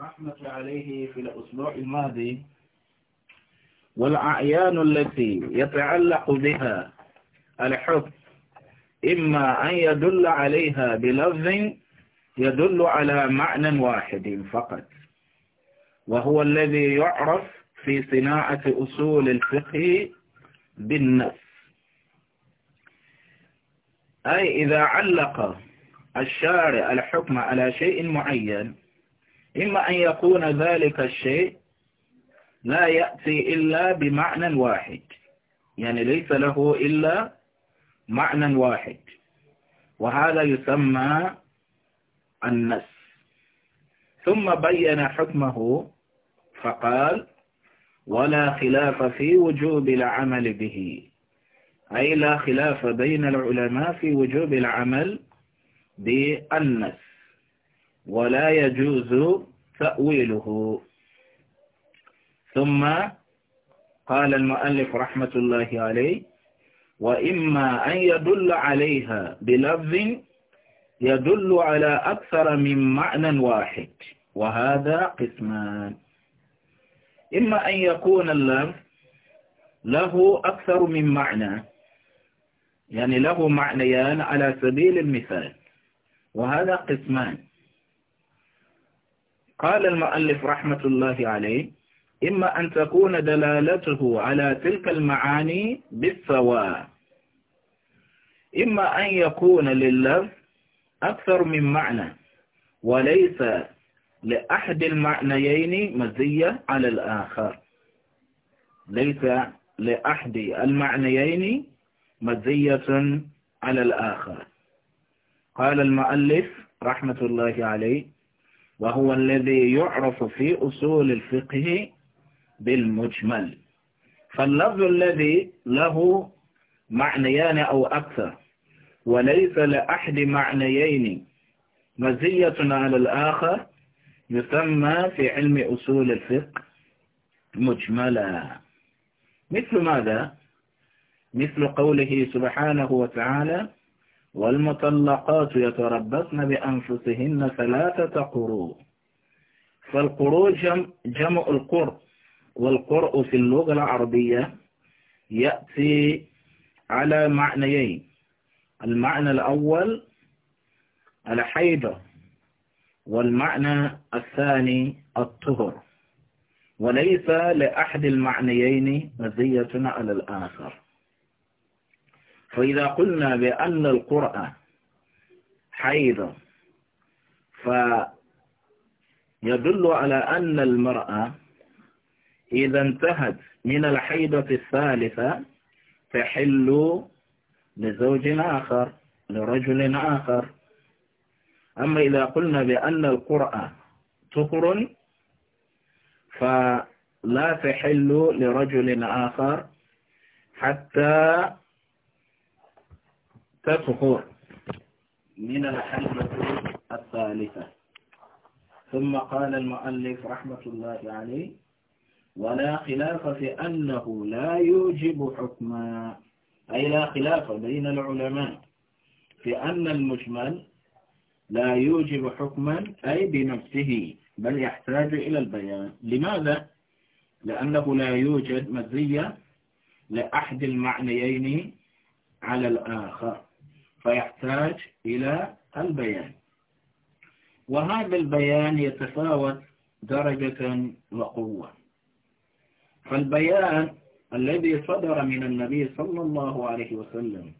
رحمة عليه في الأسبوع الماضي والأعيان التي يتعلق بها الحكم إما أن يدل عليها بلفظ يدل على معنى واحد فقط وهو الذي يعرف في صناعة أصول الفقه بالنفس أي إذا علق الشارع الحكم على شيء معين إما أن يكون ذلك الشيء لا يأتي إلا بمعنى واحد يعني ليس له إلا معنى واحد وهذا يسمى النس ثم بين حكمه فقال ولا خلاف في وجوب العمل به أي لا خلاف بين العلماء في وجوب العمل بالنس ولا يجوز تأويله ثم قال المؤلف رحمة الله عليه وإما أن يدل عليها بلفظ يدل على أكثر من معنى واحد وهذا قسمان إما أن يكون اللفظ له أكثر من معنى يعني له معنيان على سبيل المثال وهذا قسمان قال المؤلف رحمة الله عليه إما أن تكون دلالته على تلك المعاني بالسواء إما أن يكون لله أكثر من معنى وليس لأحد المعنيين مزية على الآخر ليس لأحد المعنيين مزية على الآخر قال المؤلف رحمة الله عليه وهو الذي يعرف في أصول الفقه بالمجمل فاللفظ الذي له معنيان أو أكثر وليس لأحد معنيين مزية على الآخر يسمى في علم أصول الفقه مجملا مثل ماذا؟ مثل قوله سبحانه وتعالى والمطلقات يتربصن بأنفسهن ثلاثة قروء فالقروء جمع, جمع القرء والقرء في اللغة العربية يأتي على معنيين المعنى الأول الحيضة والمعنى الثاني الطهر وليس لأحد المعنيين مزية على الآخر فإذا قلنا بأن القرآن حيض فيدل على أن المرأة إذا انتهت من الحيضة الثالثة تحل لزوج آخر لرجل آخر أما إذا قلنا بأن القرآن تقر فلا تحل لرجل آخر حتى كالفقور من الحلمة الثالثة ثم قال المؤلف رحمة الله عليه ولا خلاف في أنه لا يوجب حكما أي لا خلاف بين العلماء في أن المجمل لا يوجب حكما أي بنفسه بل يحتاج إلى البيان لماذا؟ لأنه لا يوجد مزية لأحد المعنيين على الآخر فيحتاج إلى البيان وهذا البيان يتفاوت درجة وقوة فالبيان الذي صدر من النبي صلى الله عليه وسلم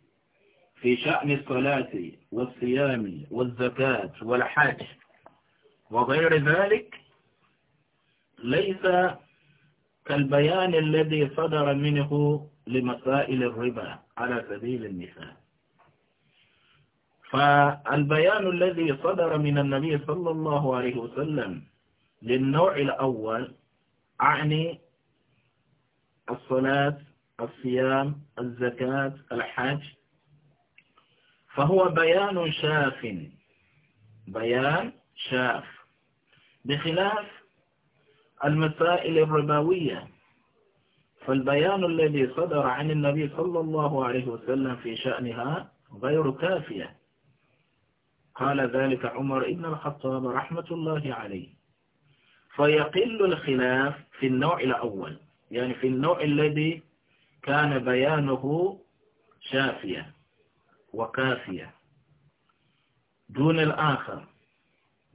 في شأن الصلاة والصيام والزكاة والحج وغير ذلك ليس كالبيان الذي صدر منه لمسائل الربا على سبيل المثال فالبيان الذي صدر من النبي صلى الله عليه وسلم للنوع الأول أعني الصلاة الصيام الزكاة الحج فهو بيان شاف بيان شاف بخلاف المسائل الربوية فالبيان الذي صدر عن النبي صلى الله عليه وسلم في شأنها غير كافية قال ذلك عمر ابن الخطاب رحمة الله عليه فيقل الخلاف في النوع الأول يعني في النوع الذي كان بيانه شافية وكافية دون الآخر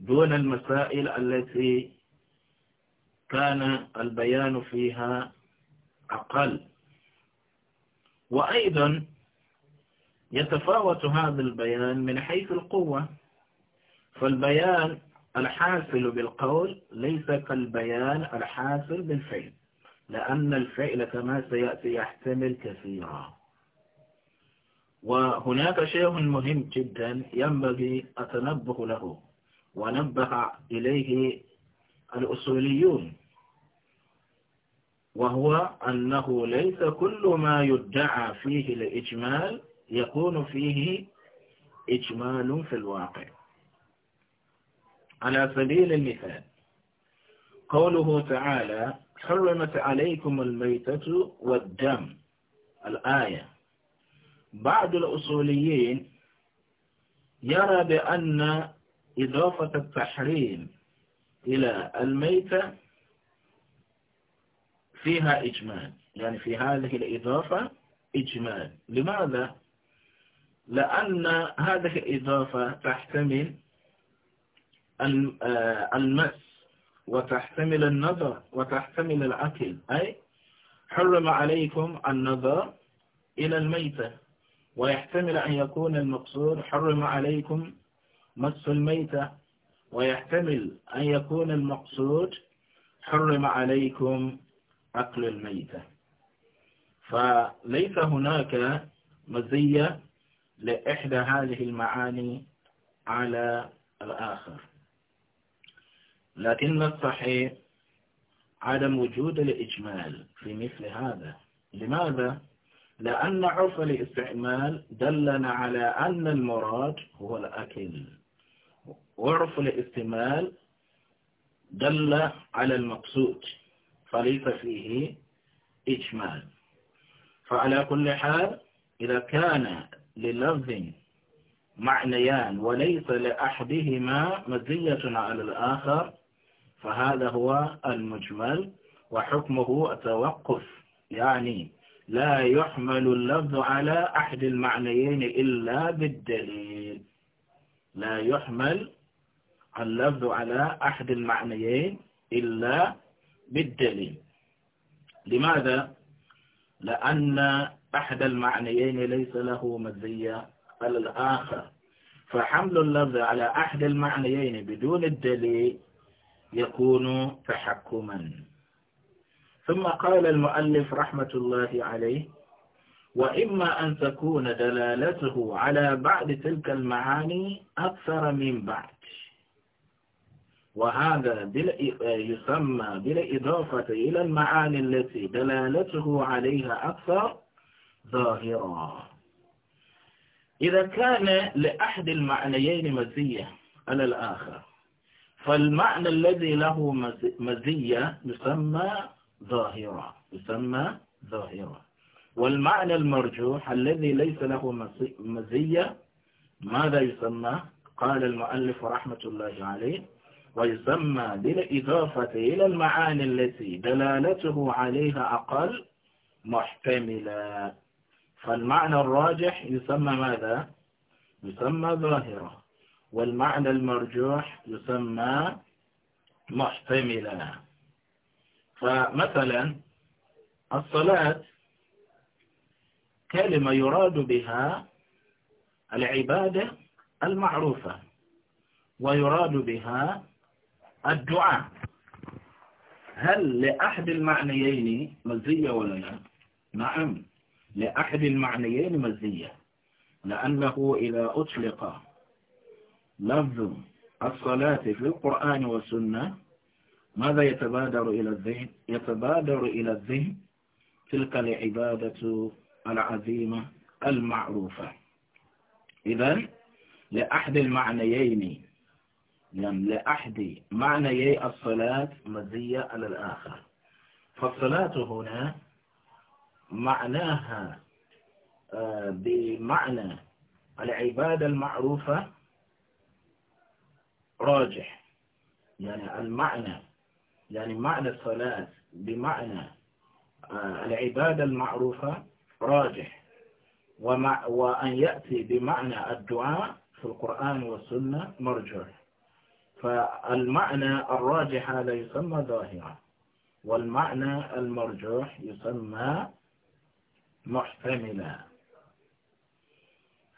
دون المسائل التي كان البيان فيها أقل وأيضا يتفاوت هذا البيان من حيث القوة فالبيان الحاصل بالقول ليس كالبيان الحاصل بالفعل لأن الفعل كما سيأتي يحتمل كثيرا وهناك شيء مهم جدا ينبغي التنبه له ونبه إليه الأصوليون وهو أنه ليس كل ما يدعى فيه الإجمال يكون فيه إجمال في الواقع على سبيل المثال قوله تعالى حرمت عليكم الميتة والدم الآية بعض الأصوليين يرى بأن إضافة التحريم إلى الميتة فيها إجمال يعني في هذه الإضافة إجمال لماذا؟ لأن هذه الإضافة تحتمل آه، المس وتحتمل النظر وتحتمل الأكل أي حرم عليكم النظر إلى الميتة ويحتمل أن يكون المقصود حرم عليكم مس الميتة ويحتمل أن يكون المقصود حرم عليكم أكل الميتة فليس هناك مزية لإحدى هذه المعاني على الآخر لكن الصحيح عدم وجود الإجمال في مثل هذا لماذا؟ لأن عرف الاستعمال دلنا على أن المراد هو الأكل وعرف الاستعمال دل على المقصود فليس فيه إجمال فعلى كل حال إذا كان للفظ معنيان وليس لأحدهما مزية على الآخر فهذا هو المجمل وحكمه التوقف يعني لا يحمل اللفظ على أحد المعنيين إلا بالدليل لا يحمل اللفظ على أحد المعنيين إلا بالدليل لماذا؟ لأن أحد المعنيين ليس له مزية على الآخر فحمل اللفظ على أحد المعنيين بدون الدليل يكون تحكما ثم قال المؤلف رحمة الله عليه وإما أن تكون دلالته على بعض تلك المعاني أكثر من بعض وهذا يسمى بالإضافة إلى المعاني التي دلالته عليها أكثر ظاهرا إذا كان لأحد المعنيين مزية على الآخر فالمعنى الذي له مزية يسمى ظاهرا يسمى ظاهرا والمعنى المرجوح الذي ليس له مزية ماذا يسمى قال المؤلف رحمة الله عليه ويسمى بالإضافة إلى المعاني التي دلالته عليها أقل محتملا فالمعنى الراجح يسمى ماذا يسمى ظاهرة والمعنى المرجوح يسمى محتملا فمثلا الصلاة كلمة يراد بها العبادة المعروفة ويراد بها الدعاء هل لأحد المعنيين مزية ولا لا؟ نعم لأحد المعنيين مزية لأنه إذا أطلق لفظ الصلاة في القرآن والسنة ماذا يتبادر إلى الذهن يتبادر إلى الذهن تلك العبادة العظيمة المعروفة إذا لأحد المعنيين يعني لأحد معنيي الصلاة مزية على الآخر فالصلاة هنا معناها آه، بمعنى العبادة المعروفة راجح يعني المعنى يعني معنى الصلاة بمعنى آه، العبادة المعروفة راجح ومع وأن يأتي بمعنى الدعاء في القرآن والسنة مرجح فالمعنى الراجح هذا يسمى ظاهرة والمعنى المرجوح يسمى محتملا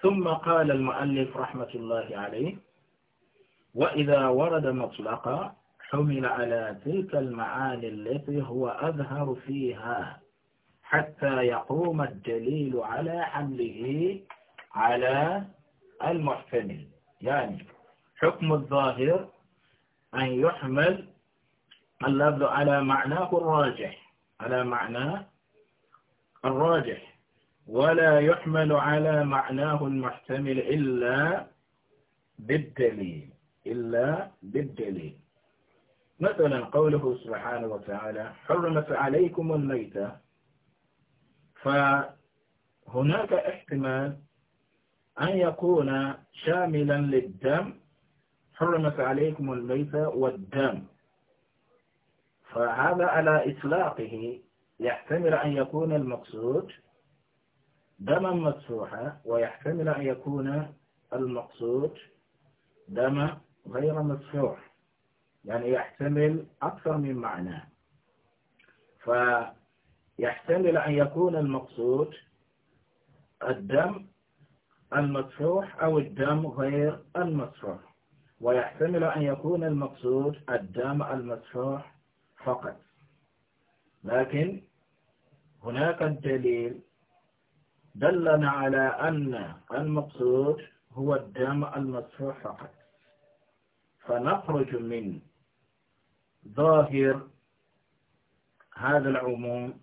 ثم قال المؤلف رحمة الله عليه وإذا ورد مطلقا حمل على تلك المعاني التي هو أظهر فيها حتى يقوم الدليل على حمله على المحتمل يعني حكم الظاهر أن يحمل اللفظ على معناه الراجح على معناه الراجح ولا يحمل على معناه المحتمل إلا بالدليل إلا بالدليل مثلا قوله سبحانه وتعالى حرمت عليكم الميتة فهناك احتمال أن يكون شاملا للدم حرمت عليكم الميتة والدم فهذا على إطلاقه يحتمل أن يكون المقصود دما مسفوحا ويحتمل أن يكون المقصود دما غير مسفوح يعني يحتمل أكثر من معنى فيحتمل أن يكون المقصود الدم المسفوح أو الدم غير المسفوح ويحتمل أن يكون المقصود الدم المسفوح فقط لكن هناك دليل دلنا على أن المقصود هو الدم المسفوح فقط فنخرج من ظاهر هذا العموم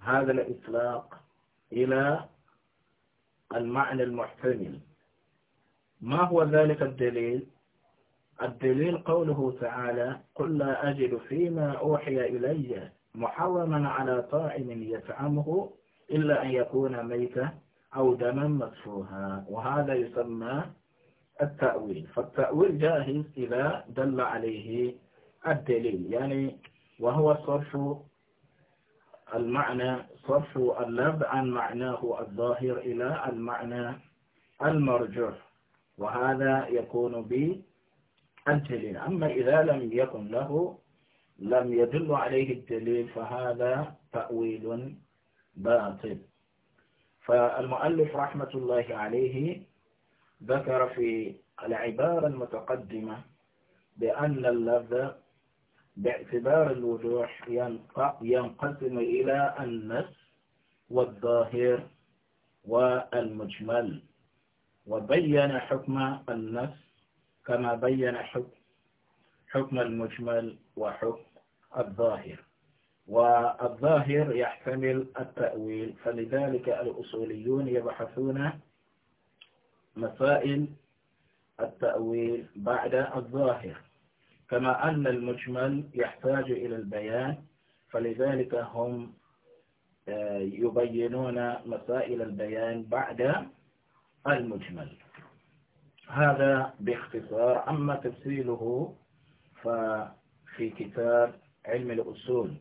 هذا الإطلاق إلى المعنى المحتمل ما هو ذلك الدليل؟ الدليل قوله تعالى قل لا أجد فيما أوحي إلي محرما على طاعم يطعمه إلا أن يكون ميتا أو دما مكفوها وهذا يسمى التأويل فالتأويل جاهز إذا دل عليه الدليل يعني وهو صرف المعنى صرف اللب عن معناه الظاهر إلى المعنى المرجوح وهذا يكون بالدليل أما إذا لم يكن له لم يدل عليه الدليل فهذا تأويل باطل فالمؤلف رحمة الله عليه ذكر في العبارة المتقدمة بأن اللفظ باعتبار الوضوح ينقسم إلى النص والظاهر والمجمل وبين حكم النص كما بين حكم حكم المجمل وحكم الظاهر والظاهر يحتمل التأويل فلذلك الأصوليون يبحثون مسائل التأويل بعد الظاهر كما أن المجمل يحتاج إلى البيان فلذلك هم آه، يبينون مسائل البيان بعد المجمل هذا باختصار أما تفصيله ففي كتاب علم الأصول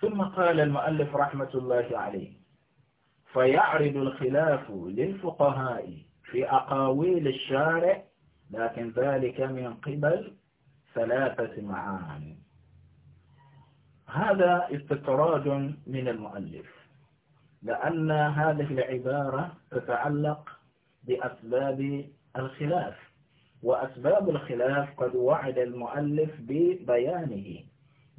ثم قال المؤلف رحمة الله عليه فيعرض الخلاف للفقهاء في أقاويل الشارع لكن ذلك من قبل ثلاثة معاني هذا استطراد من المؤلف لأن هذه العبارة تتعلق بأسباب الخلاف وأسباب الخلاف قد وعد المؤلف ببيانه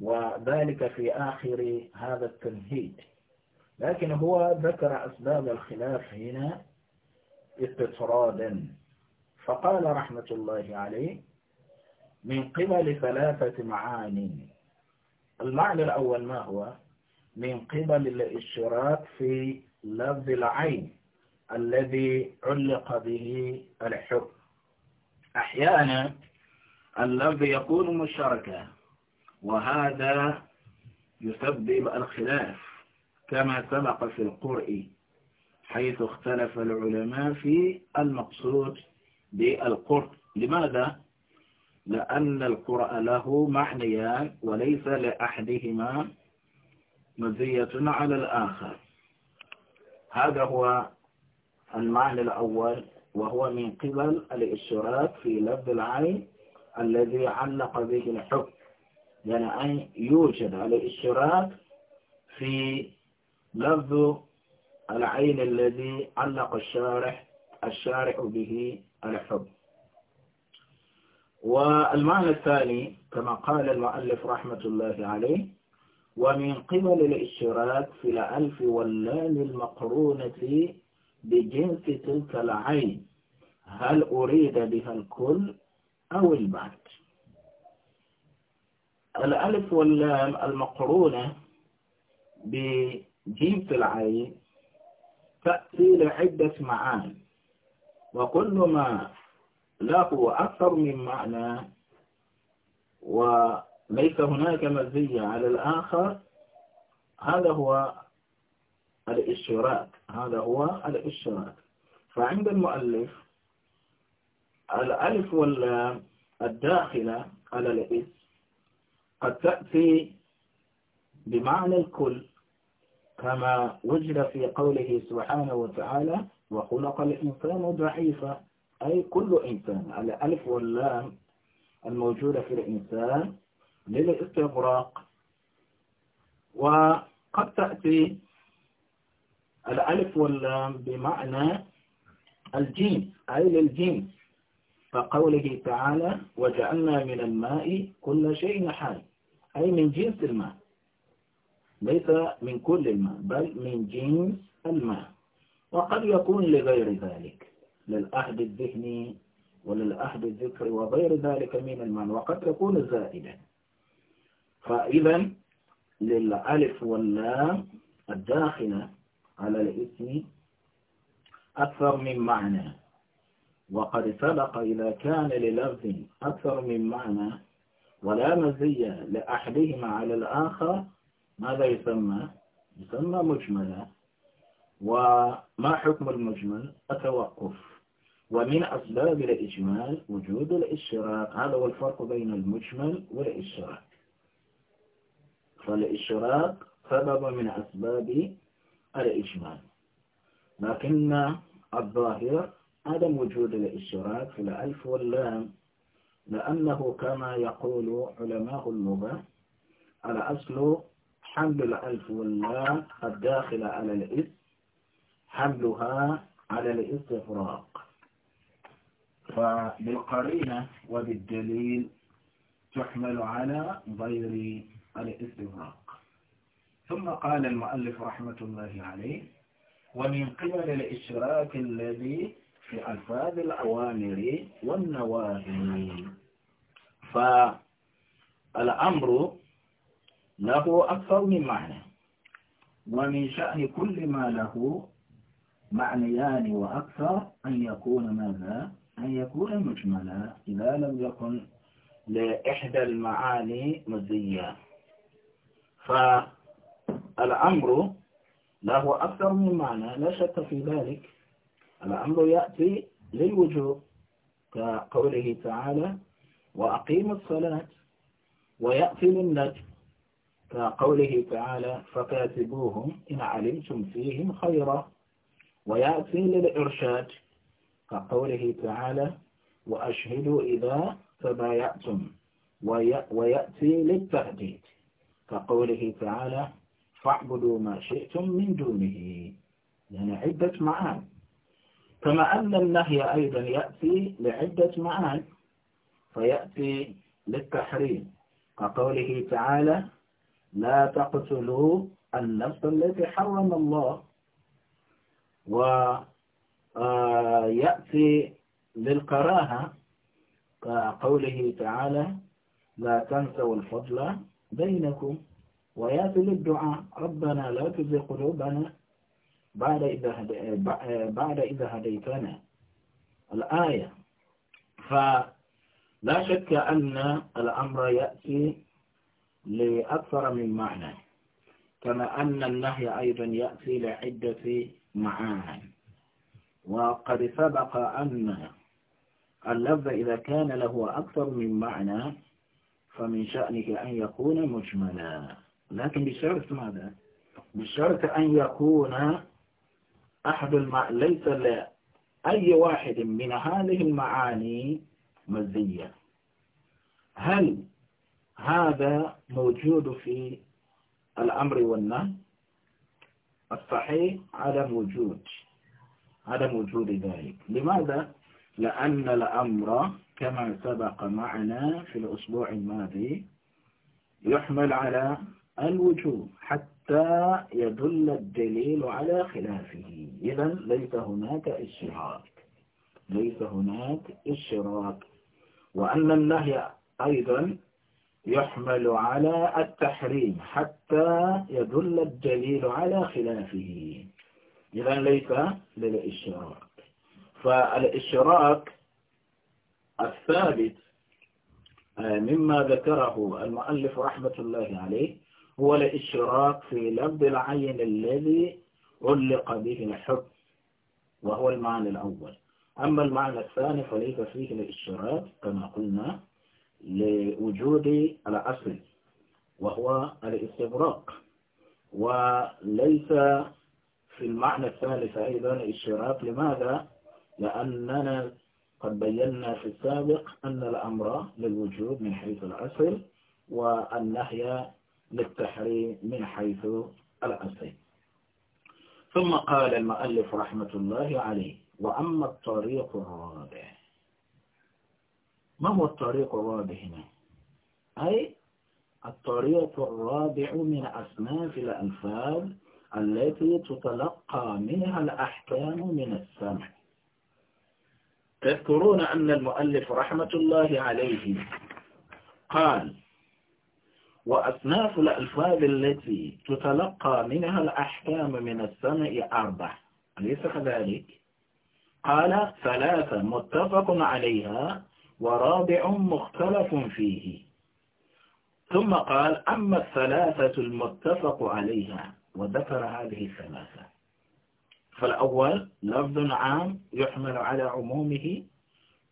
وذلك في آخر هذا التمهيد لكن هو ذكر أسباب الخلاف هنا استطرادا فقال رحمة الله عليه من قبل ثلاثة معان المعنى الأول ما هو من قبل الاشتراك في لفظ العين الذي علق به الحكم أحيانا اللفظ يكون مشتركا وهذا يسبب الخلاف كما سبق في القرء حيث اختلف العلماء في المقصود بالقرء لماذا؟ لأن القرء له معنيان وليس لأحدهما مزية على الآخر هذا هو المعنى الأول وهو من قبل الاشتراك في لفظ العين الذي علق به الحكم يعني أن يوجد الاشتراك في لفظ العين الذي علق الشارح الشارع به الحب والمعنى الثاني كما قال المؤلف رحمة الله عليه ومن قبل الاشتراك في الألف واللام المقرونة بجنس تلك العين هل أريد بها الكل أو البعض الألف واللام المقرونة بجيم في العين تأتي لعدة معاني وكل ما له أكثر من معنى وليس هناك مزية على الآخر هذا هو الاشتراك هذا هو الاشتراك فعند المؤلف الألف واللام الداخلة على الاسم قد تأتي بمعنى الكل كما وجد في قوله سبحانه وتعالى وخلق الإنسان ضعيفا أي كل إنسان على واللام الموجودة في الإنسان للاستغراق وقد تأتي الألف واللام بمعنى الجنس أي للجنس فقوله تعالى وجعلنا من الماء كل شيء حي أي من جنس الماء ليس من كل الماء بل من جنس الماء وقد يكون لغير ذلك للأحد الذهني وللأحد الذكر وغير ذلك من الماء وقد يكون زائدا فإذا للألف واللام الداخلة على الاسم أكثر من معنى وقد سبق إذا كان للفظ أكثر من معنى ولا مزية لأحدهما على الآخر ماذا يسمى؟ يسمى مجملا وما حكم المجمل؟ التوقف ومن أسباب الإجمال وجود الإشتراك هذا هو الفرق بين المجمل والإشتراك فالإشراك سبب من أسباب الإجمال لكن الظاهر عدم وجود الإشراك في الألف واللام لأنه كما يقول علماء اللغة الأصل حمل الألف واللام الداخلة على الإس حملها على الاستفراق فبالقرينة وبالدليل تحمل على غير الاستفراق ثم قال المؤلف رحمة الله عليه ومن قبل الإشراك الذي في ألفاظ الأوامر والنواهي فالأمر له أكثر من معنى ومن شأن كل ما له معنيان وأكثر أن يكون ماذا؟ أن يكون مجملا إذا لم يكن لإحدى المعاني مزية فالأمر الأمر له أكثر من معنى لا شك في ذلك الأمر يأتي للوجوب كقوله تعالى وأقيم الصلاة ويأتي للنجم كقوله تعالى فكاتبوهم إن علمتم فيهم خيرا ويأتي للإرشاد كقوله تعالى وأشهدوا إذا تبايعتم ويأتي للتهديد كقوله تعالى فاعبدوا ما شئتم من دونه يعني عدة معان كما أن النهي أيضا يأتي لعدة معان فيأتي للتحريم كقوله تعالى لا تقتلوا النفس التي حرم الله ويأتي آه، للقراهة كقوله تعالى لا تنسوا الفضل بينكم وياتي للدعاء ربنا لا تزغ قلوبنا بعد إذا هدي آه، بعد إذا هديتنا الآية فلا شك أن الأمر يأتي لأكثر من معنى كما أن النهي أيضا يأتي لعدة معاني وقد سبق أن اللفظ إذا كان له أكثر من معنى فمن شأنه أن يكون مجملا لكن بشرط ماذا بشرط أن يكون أحد الم... ليس لأي واحد من هذه المعاني مزية هل هذا موجود في الأمر والنهي الصحيح عدم وجود عدم وجود ذلك لماذا؟ لأن الأمر كما سبق معنا في الأسبوع الماضي يحمل على الوجوب حتى يدل الدليل على خلافه إذا ليس هناك اشتراك ليس هناك اشتراك وأن النهي أيضا يحمل على التحريم حتى يدل الدليل على خلافه إذا ليس للإشراك فالإشراك الثابت آه، مما ذكره المؤلف رحمة الله عليه هو إشراك في لفظ العين الذي علق به الحب وهو المعنى الأول أما المعنى الثاني فليس فيه الإشراق كما قلنا لوجود الأصل وهو الاستبراق وليس في المعنى الثالث أيضا إشراك لماذا؟ لأننا قد بينا في السابق أن الأمر للوجود من حيث الأصل والنهي للتحريم من حيث الأصل ثم قال المؤلف رحمة الله عليه وأما الطريق الرابع ما هو الطريق الرابع هنا أي الطريق الرابع من أصناف الألفاظ التي تتلقى منها الأحكام من السمع تذكرون أن المؤلف رحمة الله عليه قال وأصناف الألفاظ التي تتلقى منها الأحكام من السمع أربع أليس كذلك؟ قال ثلاثة متفق عليها ورابع مختلف فيه ثم قال أما الثلاثة المتفق عليها وذكر هذه الثلاثة فالأول لفظ عام يحمل على عمومه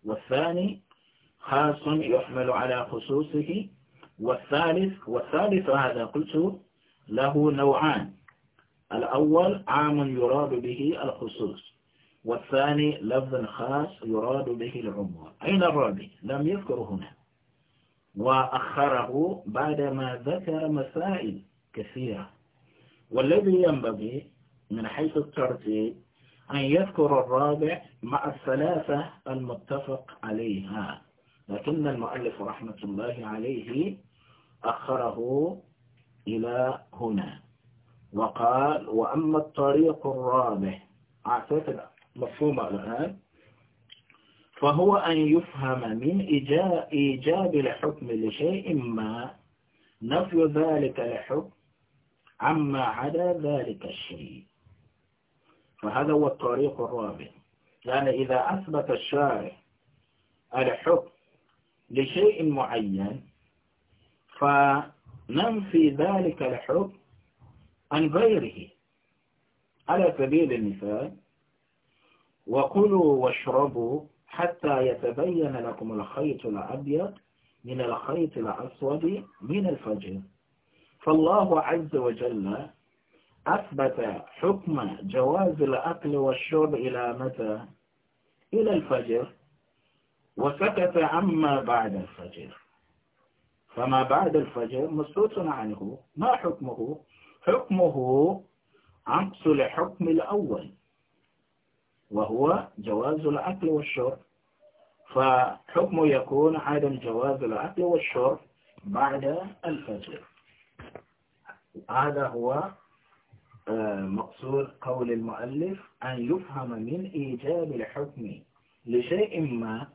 والثاني خاص يحمل على خصوصه والثالث والثالث هذا قلت له نوعان الأول عام يراد به الخصوص والثاني لفظ خاص يراد به العموم أين الرابع لم يذكر هنا وأخره بعدما ذكر مسائل كثيرة والذي ينبغي من حيث الترتيب أن يذكر الرابع مع الثلاثة المتفق عليها لكن المؤلف رحمة الله عليه أخره إلى هنا وقال وأما الطريق الرابع أعتقد مفهومة الآن فهو أن يفهم من إيجاب الحكم لشيء ما نفي ذلك الحكم عما عدا ذلك الشيء فهذا هو الطريق الرابع يعني إذا أثبت الشارع الحكم لشيء معين فننفي ذلك الحكم عن غيره على سبيل المثال وكلوا واشربوا حتى يتبين لكم الخيط الأبيض من الخيط الأسود من الفجر فالله عز وجل أثبت حكم جواز الأكل والشرب إلى متى؟ إلى الفجر وسكت عما بعد الفجر فما بعد الفجر مسكوت عنه ما حكمه حكمه عكس الحكم الأول وهو جواز الأكل والشرب فحكمه يكون عدم جواز الأكل والشرب بعد الفجر هذا هو آه، مقصود قول المؤلف أن يفهم من إيجاب الحكم لشيء ما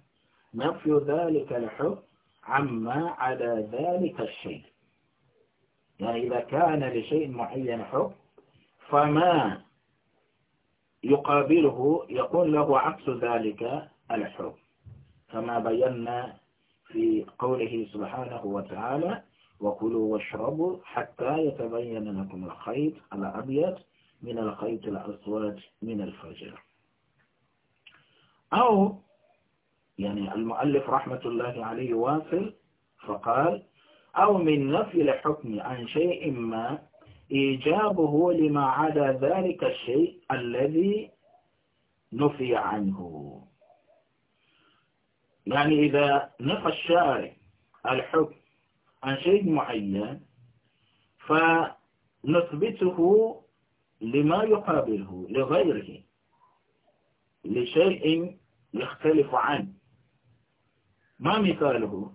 نفي ذلك الحكم عما على ذلك الشيء يعني إذا كان لشيء معين حكم فما يقابله يكون له عكس ذلك الحكم كما بينا في قوله سبحانه وتعالى وكلوا واشربوا حتى يتبين لكم الخيط الأبيض من الخيط الأسود من الفجر أو يعني المؤلف رحمة الله عليه واصل فقال أو من نفي الحكم عن شيء ما إيجابه لما عدا ذلك الشيء الذي نفي عنه يعني إذا نفى الشارع الحكم عن شيء معين فنثبته لما يقابله لغيره لشيء يختلف عنه ما مثاله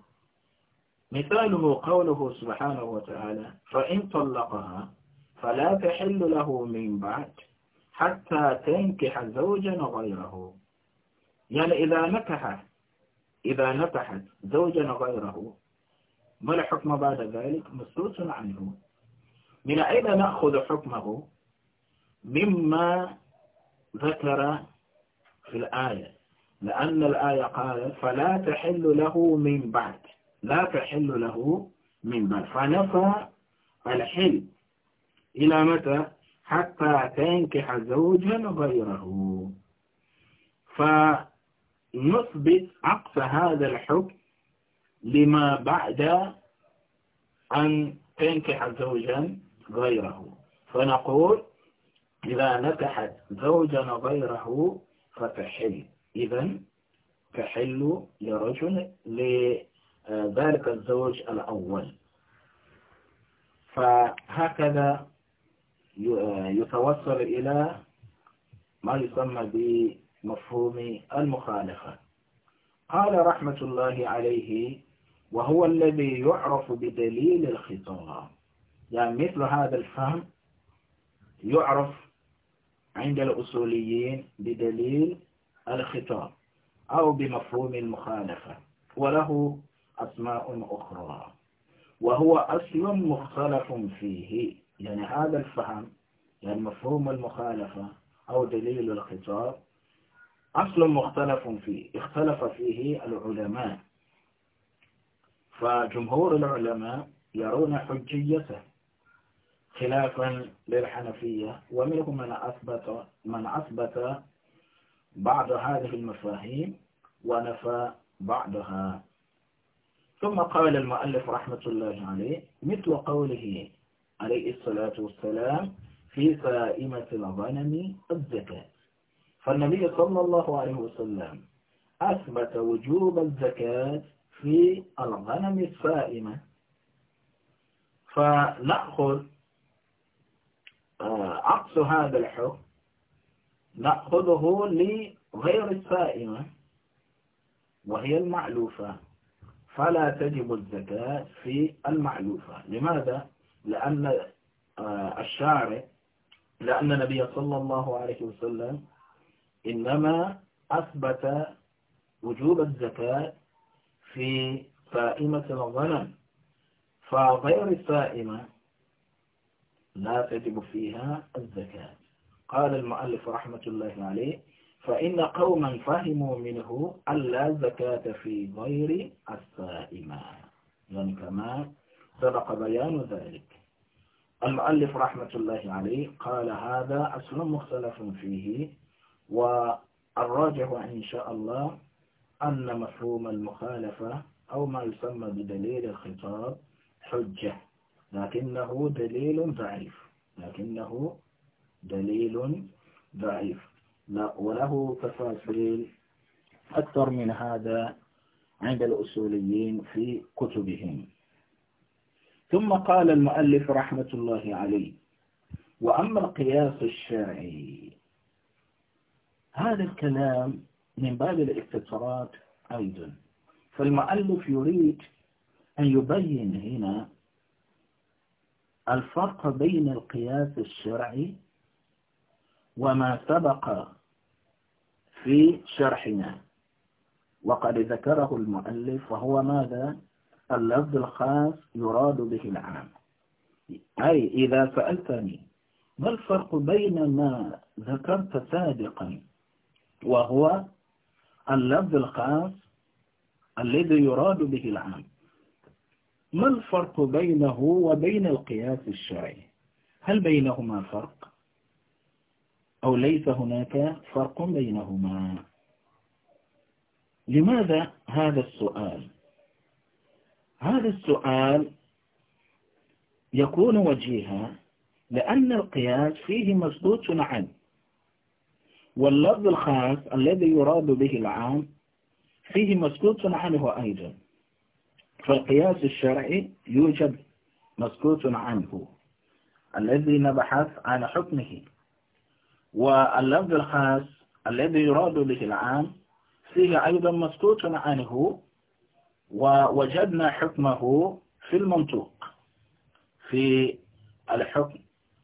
مثاله قوله سبحانه وتعالى فإن طلقها فلا تحل له من بعد حتى تنكح زوجا غيره يعني إذا نكح إذا نكحت زوجا غيره ما الحكم بعد ذلك مسوس عنه من أين نأخذ حكمه مما ذكر في الآية لأن الآية قالت فلا تحل له من بعد لا تحل له من بعد فنفى الحل إلى متى حتى تنكح زوجا غيره فنثبت عقص هذا الحكم لما بعد أن تنكح زوجا غيره فنقول إذا نكحت زوجا غيره فتحل إذا تحل لرجل لذلك الزوج الأول فهكذا يتوصل إلى ما يسمى بمفهوم المخالفة قال رحمة الله عليه وهو الذي يعرف بدليل الخطاب يعني مثل هذا الفهم يعرف عند الأصوليين بدليل الخطاب أو بمفهوم المخالفة وله أسماء أخرى وهو أصل مختلف فيه يعني هذا الفهم يعني مفهوم المخالفة أو دليل الخطاب أصل مختلف فيه اختلف فيه العلماء فجمهور العلماء يرون حجيته خلافا للحنفية ومنهم من أثبت من أثبت بعض هذه المفاهيم ونفى بعضها ثم قال المؤلف رحمة الله عليه مثل قوله عليه الصلاة والسلام في قائمة الغنم الزكاة فالنبي صلى الله عليه وسلم أثبت وجوب الزكاة في الغنم الصائمة فنأخذ آه، عكس هذا الحكم نأخذه لغير السائمة وهي المعلوفة فلا تجب الزكاة في المعلوفة لماذا؟ لأن آه، الشارع لأن النبي صلى الله عليه وسلم إنما أثبت وجوب الزكاة في سائمة الغنم فغير السائمة لا تجب فيها الزكاة قال المؤلف رحمة الله عليه فإن قوما فهموا منه ألا زكاة في غير السائمة يعني كما سبق بيان ذلك المؤلف رحمة الله عليه قال هذا أصل مختلف فيه والراجح إن شاء الله أن مفهوم المخالفة أو ما يسمى بدليل الخطاب حجة لكنه دليل ضعيف لكنه دليل ضعيف وله تفاصيل أكثر من هذا عند الأصوليين في كتبهم ثم قال المؤلف رحمة الله عليه وأما القياس الشرعي هذا الكلام من باب الاستطراد أيضا فالمؤلف يريد أن يبين هنا الفرق بين القياس الشرعي وما سبق في شرحنا وقد ذكره المؤلف وهو ماذا اللفظ الخاص يراد به العام أي إذا سألتني ما الفرق بين ما ذكرت سابقا وهو اللفظ الخاص الذي يراد به العام ما الفرق بينه وبين القياس الشرعي هل بينهما فرق أو ليس هناك فرق بينهما لماذا هذا السؤال هذا السؤال يكون وجيها لأن القياس فيه مسدود عن نعم. واللفظ الخاص الذي يراد به العام فيه مسكوت عنه نعم أيضا فالقياس الشرعي يوجد مسكوت عنه نعم الذي نبحث عن حكمه واللفظ الخاص الذي يراد به العام فيه أيضا مسكوت عنه ووجدنا حكمه في المنطوق في الحكم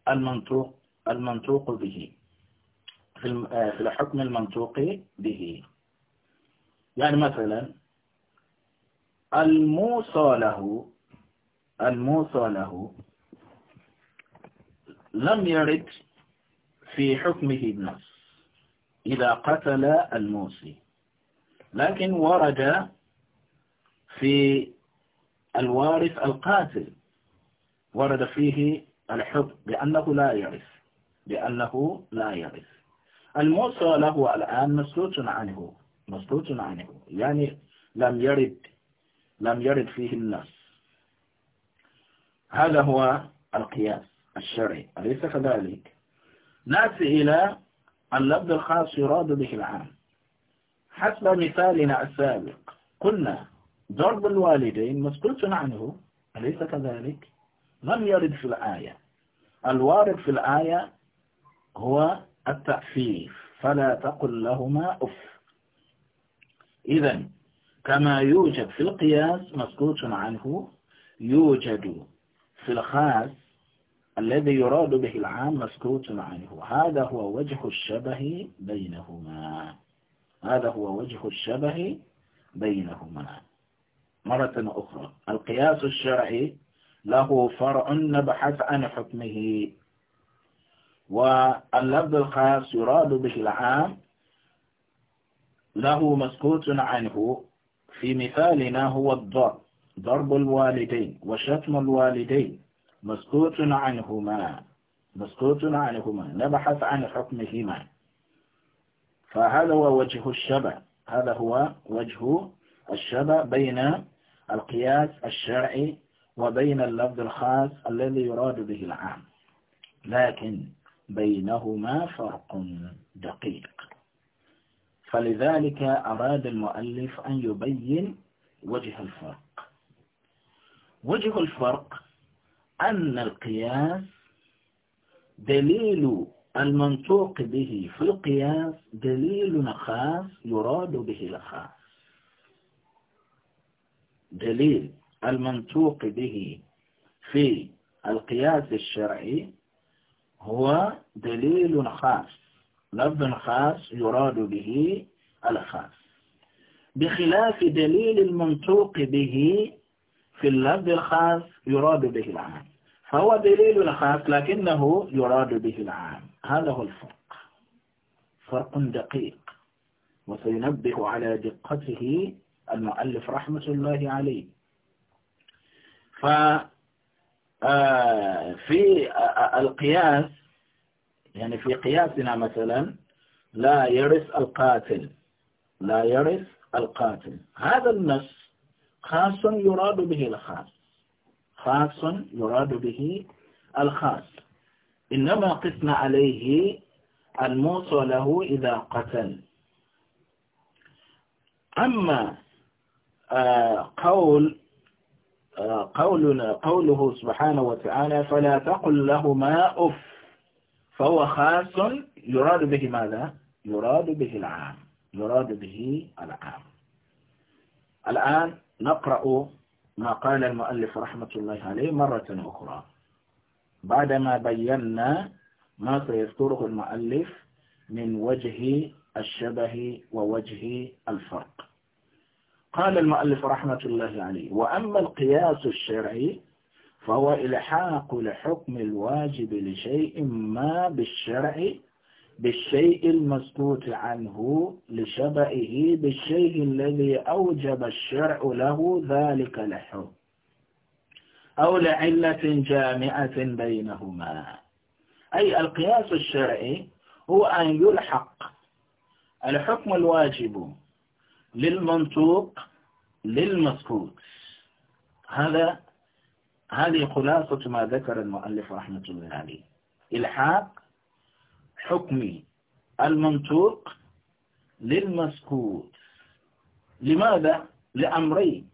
المنطوق المنطوق به آه، في الحكم المنطوق به يعني مثلا الموصى له الموصى له لم يرد في حكمه النص إذا قتل الموصي لكن ورد في الوارث القاتل ورد فيه الحكم بأنه لا يرث بأنه لا يرث الموصى له الآن مسلوط عنه مسلوط عنه يعني لم يرد لم يرد فيه النص هذا هو القياس الشرعي أليس كذلك نأتي إلى اللفظ الخاص يراد به العام حسب مثالنا السابق قلنا ضرب الوالدين مسكوت عنه أليس كذلك؟ لم يرد في الآية الوارد في الآية هو التأفيف فلا تقل لهما أف إذا كما يوجد في القياس مسكوت عنه يوجد في الخاص الذي يراد به العام مسكوت عنه هذا هو وجه الشبه بينهما هذا هو وجه الشبه بينهما مرة أخرى القياس الشرعي له فرع نبحث عن حكمه واللفظ الخاص يراد به العام له مسكوت عنه في مثالنا هو الضرب ضرب الوالدين وشتم الوالدين مسكوت عنهما مسكوت عنهما نبحث عن حكمهما فهذا هو وجه الشبه هذا هو وجه الشبه بين القياس الشرعي وبين اللفظ الخاص الذي يراد به العام لكن بينهما فرق دقيق فلذلك أراد المؤلف أن يبين وجه الفرق وجه الفرق أن القياس دليل المنطوق به في القياس دليل خاص يراد به الخاص دليل المنطوق به في القياس الشرعي هو دليل خاص لفظ خاص يراد به الخاص بخلاف دليل المنطوق به في اللفظ الخاص يراد به العام فهو دليل الخاص لكنه يراد به العام هذا هو الفرق فرق دقيق وسينبه على دقته المؤلف رحمة الله عليه ففي آه، آه، آه، القياس يعني في قياسنا مثلا لا يرث القاتل لا يرث القاتل هذا النص خاص يراد به الخاص خاص يراد به الخاص إنما قسم عليه الموصى له إذا قتل أما آه، قول آه، قولنا قوله سبحانه وتعالى فلا تقل لهما أف فهو خاص يراد به ماذا؟ يراد به العام يراد به العام الآن نقرأ ما قال المؤلف رحمة الله عليه مرة أخرى بعدما بينا ما سيذكره المؤلف من وجه الشبه ووجه الفرق قال المؤلف رحمة الله عليه وأما القياس الشرعي فهو إلحاق لحكم الواجب لشيء ما بالشرع بالشيء المسكوت عنه لشبئه بالشيء الذي أوجب الشرع له ذلك الحكم أو لعلة جامعة بينهما أي القياس الشرعي هو أن يلحق الحكم الواجب للمنطوق للمسكوت هذا هذه خلاصة ما ذكر المؤلف رحمة الله عليه إلحاق حكم المنطوق للمسكوت لماذا؟ لأمرين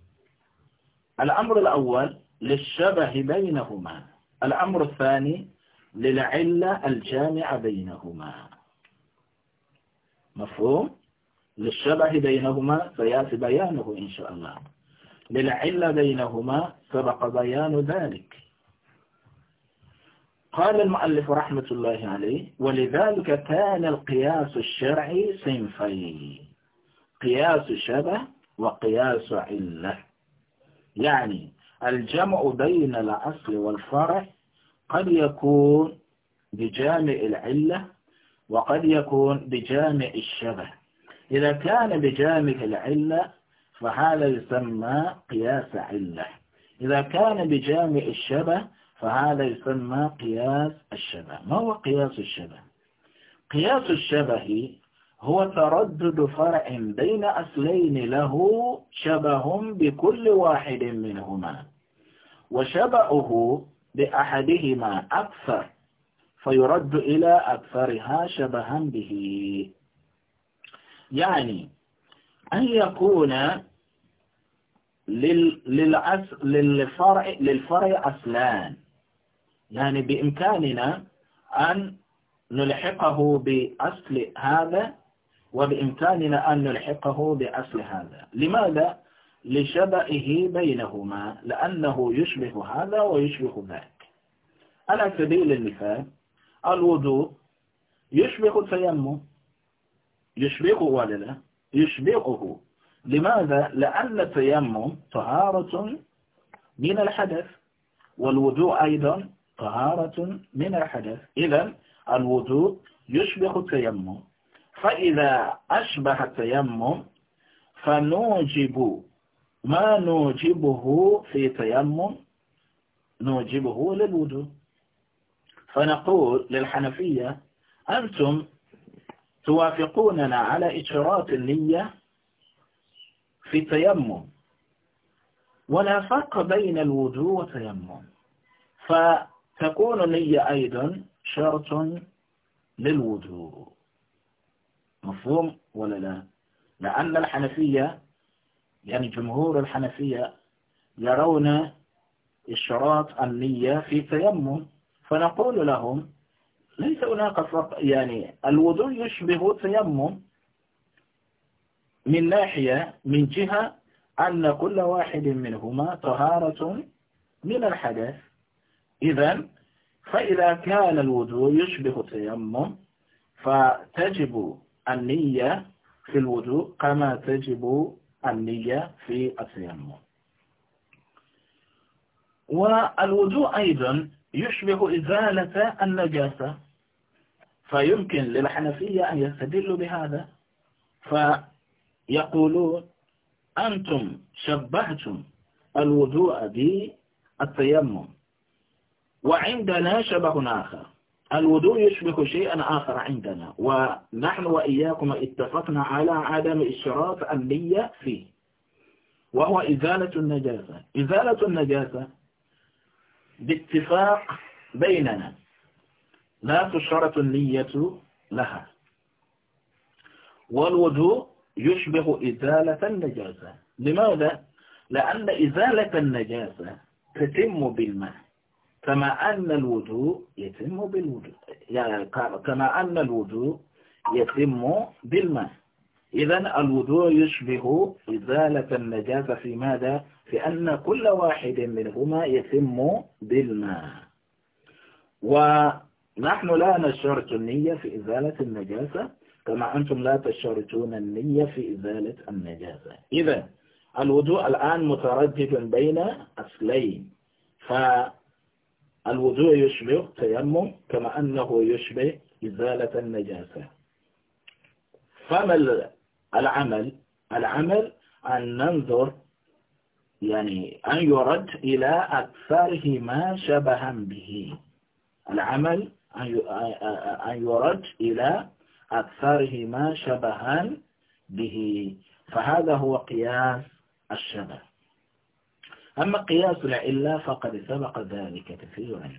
الأمر الأول للشبه بينهما الأمر الثاني للعلة الجامعة بينهما مفهوم؟ للشبه بينهما سيأتي بيانه إن شاء الله للعلة بينهما سبق بيان ذلك قال المؤلف رحمة الله عليه ولذلك كان القياس الشرعي صنفين قياس شبه وقياس علة يعني الجمع بين الأصل والفرع قد يكون بجامع العلة وقد يكون بجامع الشبه إذا كان بجامع العلة فهذا يسمى قياس علة إذا كان بجامع الشبه فهذا يسمى قياس الشبه ما هو قياس الشبه قياس الشبه هو تردد فرع بين أصلين له شبه بكل واحد منهما وشبهه بأحدهما أكثر فيرد إلى أكثرها شبها به يعني أن يكون للفرع, للفرع أصلان يعني بإمكاننا أن نلحقه بأصل هذا وبإمكاننا أن نلحقه بأصل هذا لماذا؟ لشبئه بينهما لأنه يشبه هذا ويشبه ذاك على سبيل المثال الوضوء يشبه التيمم يشبهه ولا لا يشبهه لماذا؟ لأن التيمم طهارة من الحدث والوضوء أيضا طهارة من الحدث إذا الوضوء يشبه التيمم فإذا أشبه التيمم فنوجب ما نوجبه في تيمم نوجبه للوضوء فنقول للحنفية أنتم توافقوننا على إشراط النية في تيمم ولا فرق بين الوضوء والتيمم فالوضوء تكون النية أيضا شرط للوضوء مفهوم ولا لا لأن الحنفية يعني جمهور الحنفية يرون الشراط النية في تيمم فنقول لهم ليس هناك فرق يعني الوضوء يشبه تيمم من ناحية من جهة أن كل واحد منهما طهارة من الحدث إذا فإذا كان الوضوء يشبه التيمم فتجب النية في الوضوء كما تجب النية في التيمم والوضوء أيضا يشبه إزالة النجاسة فيمكن للحنفية أن يستدلوا بهذا فيقولون أنتم شبهتم الوضوء بالتيمم وعندنا شبه آخر الوضوء يشبه شيئا آخر عندنا ونحن وإياكم اتفقنا على عدم إشراف النية فيه وهو إزالة النجاسة إزالة النجاسة باتفاق بيننا لا تشرط النية لها والوضوء يشبه إزالة النجاسة لماذا؟ لأن إزالة النجاسة تتم بالماء كما أن الوضوء يتم بالوضوء يعني كما أن الوضوء يتم بالماء إذا الوضوء يشبه إزالة النجاسة في ماذا؟ في أن كل واحد منهما يتم بالماء ونحن لا نشترط النية في إزالة النجاسة كما أنتم لا تشترطون النية في إزالة النجاسة إذا الوضوء الآن متردد بين أصلين ف الوضوء يشبه التيمم كما أنه يشبه إزالة النجاسة فما العمل العمل أن ننظر يعني أن يرد إلى أكثره ما شبها به العمل أن يرد إلى أكثره ما شبها به فهذا هو قياس الشبه أما قياس العلة فقد سبق ذلك كثيرا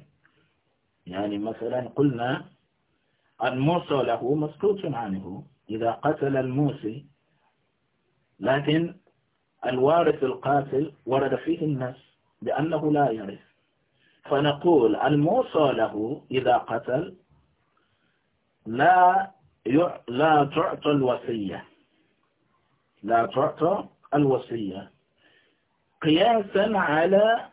يعني مثلا قلنا الموصى له مسكوت عنه إذا قتل الموسى لكن الوارث القاتل ورد فيه النص بأنه لا يرث فنقول الموصى له إذا قتل لا لا تعطى الوصية لا تعطى الوصية قياسا على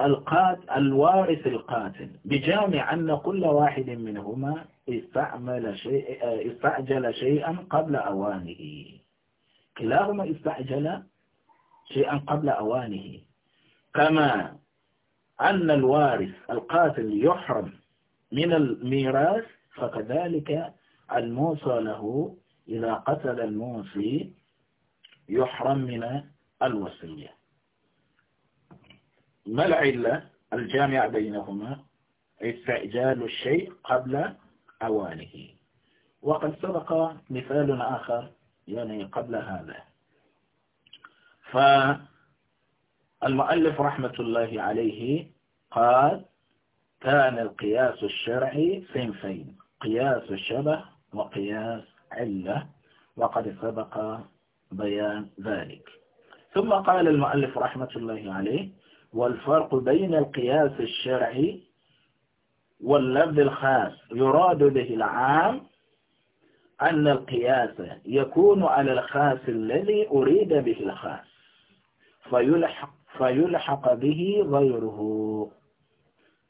القات الوارث القاتل بجامع أن كل واحد منهما استعمل شيء استعجل شيئا قبل أوانه كلاهما استعجل شيئا قبل أوانه كما أن الوارث القاتل يحرم من الميراث فكذلك الموصى له إذا قتل الموصي يحرم من الوصية ما العلة الجامعة بينهما استعجال الشيء قبل أوانه وقد سبق مثال آخر يعني قبل هذا فالمؤلف رحمة الله عليه قال كان القياس الشرعي صنفين قياس الشبه وقياس علة وقد سبق بيان ذلك ثم قال المؤلف رحمة الله عليه والفرق بين القياس الشرعي واللفظ الخاص يراد به العام أن القياس يكون على الخاص الذي أريد به الخاص فيلحق, فيلحق به غيره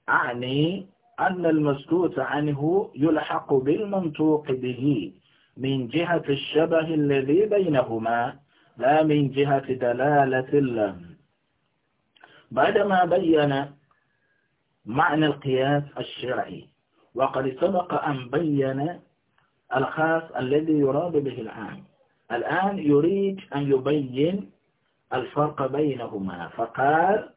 أعني أن المسكوت عنه يلحق بالمنطوق به من جهة الشبه الذي بينهما لا من جهة دلالة اللفظ بعدما بين معنى القياس الشرعي وقد سبق أن بين الخاص الذي يراد به العام الآن يريد أن يبين الفرق بينهما فقال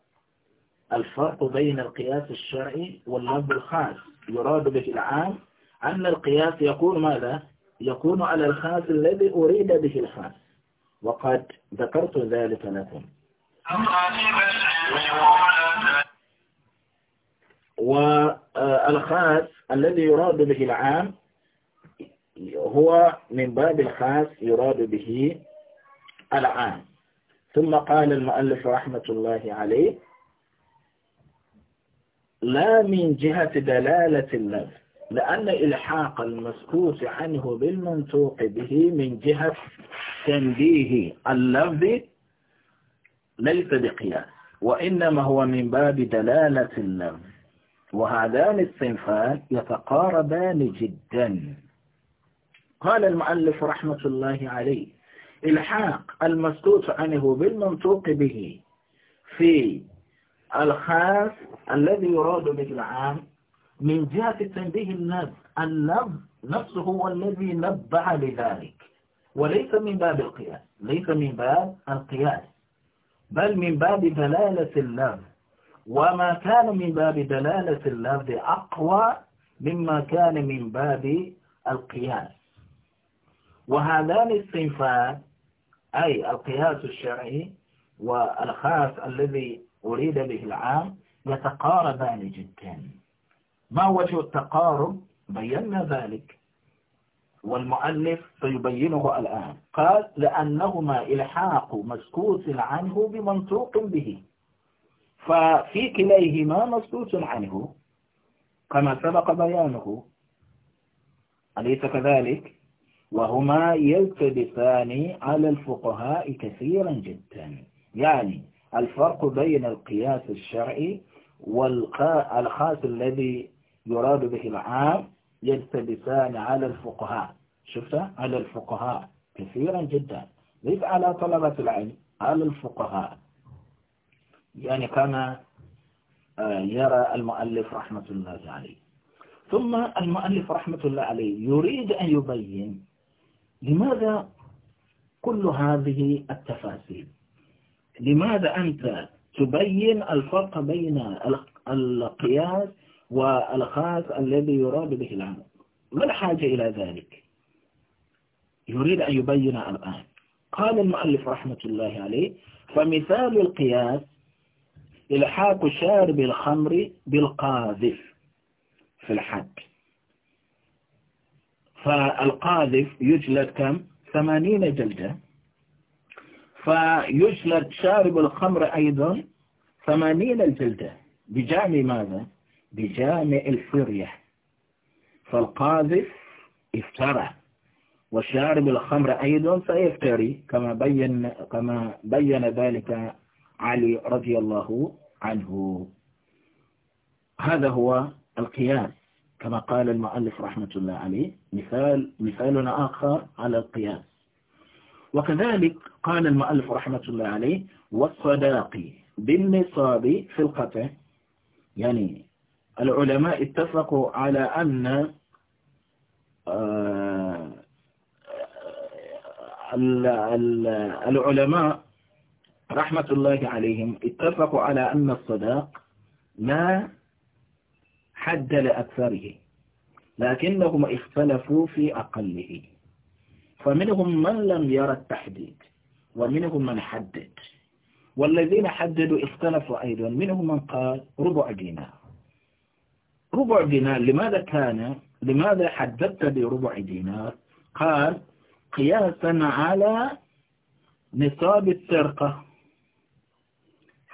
الفرق بين القياس الشرعي واللفظ الخاص يراد به العام أن القياس يكون ماذا؟ يكون على الخاص الذي أريد به الخاص وقد ذكرت ذلك لكم والخاص الذي يراد به العام هو من باب الخاص يراد به العام ثم قال المؤلف رحمة الله عليه لا من جهة دلالة اللفظ لأن إلحاق المسكوت عنه بالمنطوق به من جهة تنبيه اللفظ ليس بقياس وإنما هو من باب دلالة اللفظ وهذان الصنفان يتقاربان جدا قال المؤلف رحمة الله عليه الحاق المسكوت عنه بالمنطوق به في الخاص الذي يراد به العام من جهة تنبيه النبذ النبذ نفسه هو الذي نبع لذلك وليس من باب القياس ليس من باب القياس بل من باب دلالة اللفظ وما كان من باب دلالة اللفظ أقوى مما كان من باب القياس وهذان الصنفان أي القياس الشرعي والخاص الذي أريد به العام يتقاربان جدا ما وجه التقارب بينا ذلك والمؤلف سيبينه الآن قال لأنهما إلحاق مسكوت عنه بمنطوق به ففي كليهما مسكوت عنه كما سبق بيانه أليس كذلك وهما يلتبسان على الفقهاء كثيرا جدا يعني الفرق بين القياس الشرعي والخاص الذي يراد به العام يلتبسان على الفقهاء شفت على الفقهاء كثيرا جدا ليس على طلبة العلم على الفقهاء يعني كما آه، يرى المؤلف رحمة الله عليه ثم المؤلف رحمة الله عليه يريد أن يبين لماذا كل هذه التفاصيل لماذا أنت تبين الفرق بين القياس والخاص الذي يراد به العمل ما الحاجة إلى ذلك يريد أن يبين الآن قال المؤلف رحمة الله عليه فمثال القياس إلحاق شارب الخمر بالقاذف في الحد فالقاذف يجلد كم ثمانين جلدة فيجلد شارب الخمر أيضا ثمانين الجلدة بجعل ماذا بجامع الفرية فالقاذف افترى وشارب الخمر أيضا سيفتري كما بين, كما بين ذلك علي رضي الله عنه هذا هو القياس كما قال المؤلف رحمة الله عليه مثال مثال آخر على القياس وكذلك قال المؤلف رحمة الله عليه والصداق بالنصاب في القتل يعني العلماء اتفقوا على أن آه، العلماء رحمة الله عليهم اتفقوا على أن الصداق لا حد لأكثره لكنهم اختلفوا في أقله فمنهم من لم يرى التحديد ومنهم من حدد والذين حددوا اختلفوا أيضا منهم من قال ربع دينار ربع دينار لماذا كان لماذا حددت بربع دينار قال قياسا على نصاب السرقة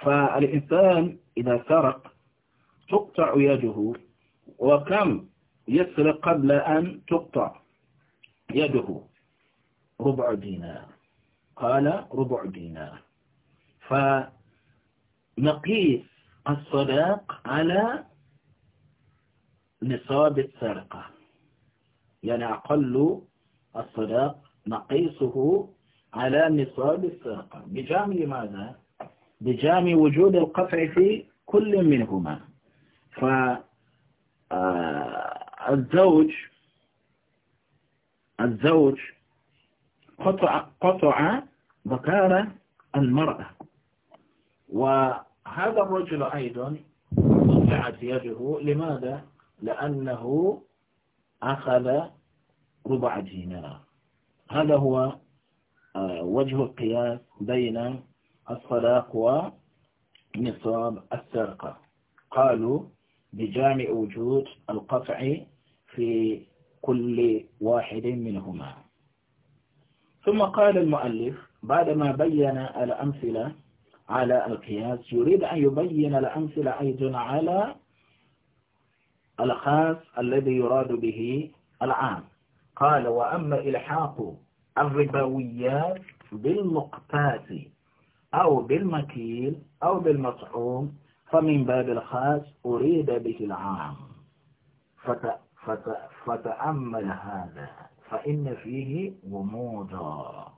فالإنسان إذا سرق تقطع يده وكم يسرق قبل أن تقطع يده ربع دينار قال ربع دينار فنقيس الصداق على نصاب السرقة يعني أقل الصداق نقيسه على نصاب السرقة بجامع ماذا؟ بجامع وجود القطع في كل منهما فالزوج آه، الزوج قطع قطع ذكر المرأة وهذا الرجل أيضا قطعت يده لماذا؟ لأنه أخذ ربع دينار هذا هو آه، وجه القياس بين الصداق ونصاب السرقة قالوا بجامع وجود القطع في كل واحد منهما ثم قال المؤلف بعدما بين الأمثلة على القياس يريد أن يبين الأمثلة أيضا على الخاص الذي يراد به العام قال وأما إلحاق الربويات بالمقتات أو بالمكيل أو بالمطعوم فمن باب الخاص أريد به العام فت... فت... فتأمل هذا فإن فيه غموضا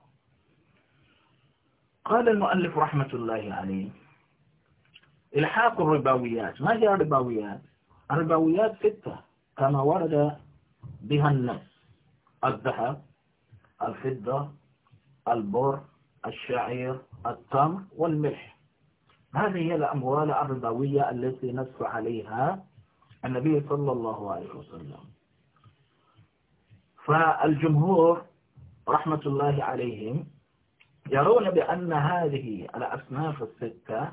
قال المؤلف رحمة الله عليه إلحاق الربويات ما هي الربويات البويات ستة كما ورد بها النص الذهب الفضة البر الشعير التمر والملح هذه هي الأموال الربوية التي نص عليها النبي صلى الله عليه وسلم فالجمهور رحمة الله عليهم يرون بأن هذه الأصناف الستة